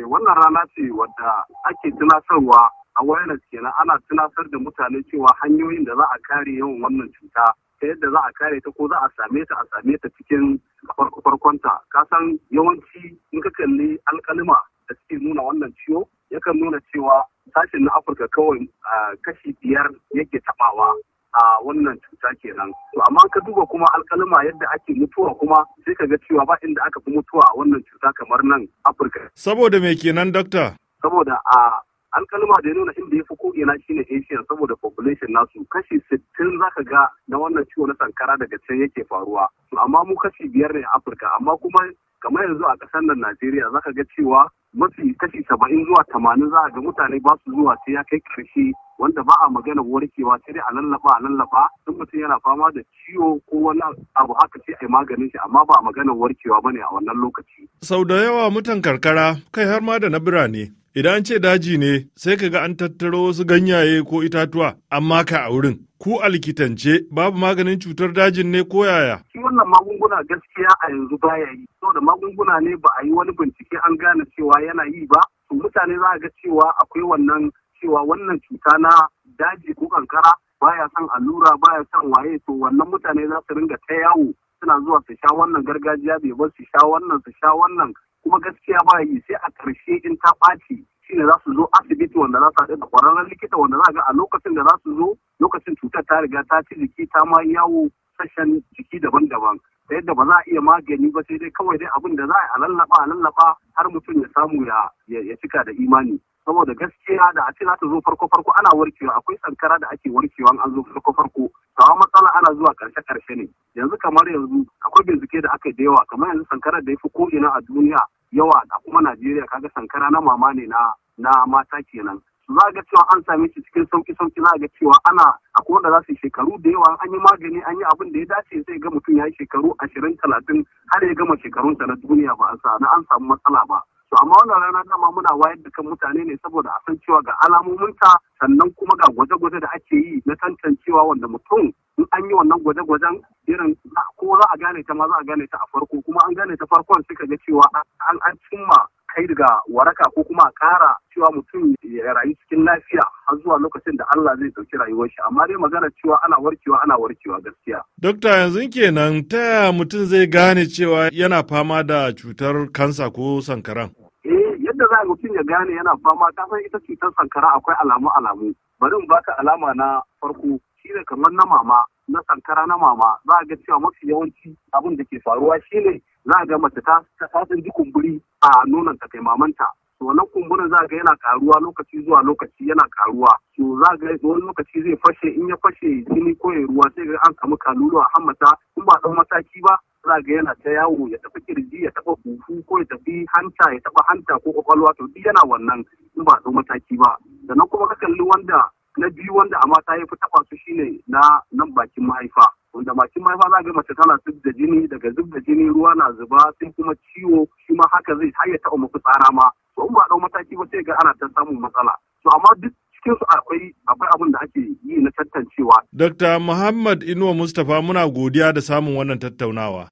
Eh, wannan rana ce wadda ake tunasarwa a awareness kenan ana tunasar da mutane cewa hanyoyin da za a kare yawan wannan cuta ta yadda za a kare ta ko za a same ta a same ta cikin farkonta ka yawanci in ka kalli alkalima da suke nuna wannan ciwo yakan nuna cewa sashen na afirka kawai ah, kashi biyar yake a wannan cuta kenan to amma ka duba kuma alkalima yadda ake mutuwa kuma sai ka ga cewa ba inda aka fi mutuwa a wannan cuta kamar nan afirka saboda me kenan dokta saboda a alkalima da ya nuna inda ya fi ina shine asia saboda population nasu kashi sittin zaka ga na wannan ciwo na sankara daga can yake faruwa amma mu kashi biyar ne a afirka amma kuma kamar yanzu a ƙasar nan najeriya zaka ga cewa mafi kashi saba'in zuwa tamanin za a ga mutane ba su zuwa sai ya kai karshe wanda ba a magana warkewa sai dai a lallafa a lallafa, in mutum yana fama da ciwo ko wani abu haka sai a yi maganin shi amma ba a magana warkewa ba ne a wannan lokaci. sau da yawa mutan karkara kai har ma da na birane idan an ce daji ne sai ka ga an tattaro wasu ganyaye ko itatuwa amma ka a wurin ku a likitance babu maganin cutar dajin ne ko yaya. shi wannan magunguna gaskiya a yanzu baya yi da magunguna ne ba a yi wani bincike an gane cewa yana yi ba mutane za a ga cewa akwai wannan cewa wannan cuta na daji ko kankara baya son allura baya son waye to wannan mutane za su ringa ta yawo suna zuwa su sha wannan gargajiya bai bar su sha wannan su sha wannan kuma gaskiya ba yi sai a ƙarshe in ta ɓaci shine za su zo asibiti wanda za su haɗu da ƙwararren likita wanda za ga a lokacin da za su zo lokacin cutar ta riga ta ci jiki ta ma yawo sashen jiki daban-daban da yadda ba za a iya magani ba sai dai kawai dai abin da za a lallaba a lallaba har mutum ya samu ya cika da imani. saboda gaskiya da a ce za ta zo farko farko ana warkewa akwai sankara da ake warkewa an zo farko farko sawa matsala ana zuwa karshe karshe ne yanzu kamar yanzu akwai bincike da aka da yawa kamar yanzu sankara da ya fi ko ina a duniya yawa a kuma Najeriya kaga sankara na mama ne na na mata kenan za ga cewa an same shi cikin sauki sauki za ga cewa ana akwai wanda za su yi shekaru da yawa an yi magani an yi abin da ya dace sai ga mutum ya yi shekaru ashirin talatin har ya gama shekarunsa na duniya ba a sa na an samu matsala ba to amma wannan rana dama muna wayar da kan mutane ne saboda a san cewa ga ta sannan kuma ga gwaje-gwaje da ake yi na tantancewa wanda mutum in an yi wannan gwaje-gwajen irin ko za a gane ta ma za a gane ta a farko kuma an gane ta farkon suka ga cewa an an cimma kai daga waraka ko kuma a kara cewa mutum ya rayu cikin lafiya har zuwa lokacin da Allah zai ɗauki rayuwar shi amma dai magana cewa ana warkewa ana warkewa gaskiya. Dokta yanzu kenan ta mutum zai gane cewa yana fama da cutar kansa ko sankaran? yadda za a mutum ya gane yana fama ta san ita cutar sankara akwai alamu alamu bari in baka alama na farko shi shine kamar na mama na sankara na mama za a ga cewa mafi yawanci abin da ke faruwa shine za a ga mace ta fatan ji kumburi a nonon ta kai mamanta to wannan kumburin za a ga yana karuwa lokaci zuwa lokaci yana karuwa to za ga wani lokaci zai fashe in ya fashe jini ko ya ruwa sai ga an samu kalulu a hammata in ba ɗan mataki ba za ga yana ta yawo ya tafi kirji ya taba huhu ko ya tafi hanta ya taba hanta ko kwakwalwa to duk yana wannan in ba su mataki ba sannan kuma ka kalli wanda na biyu wanda a mata ya fi taɓa su shine na nan bakin mahaifa wanda bakin mahaifa za ga mace tana zub da jini daga zub da jini ruwa na zuba sai kuma ciwo shi ma haka zai har ya taɓa tsara ma to in ba ɗau mataki ba sai ga ana ta samun matsala to amma duk cikin akwai abin da ake yi na Dr. Muhammad Inuwa Mustapha muna godiya da samun wannan tattaunawa.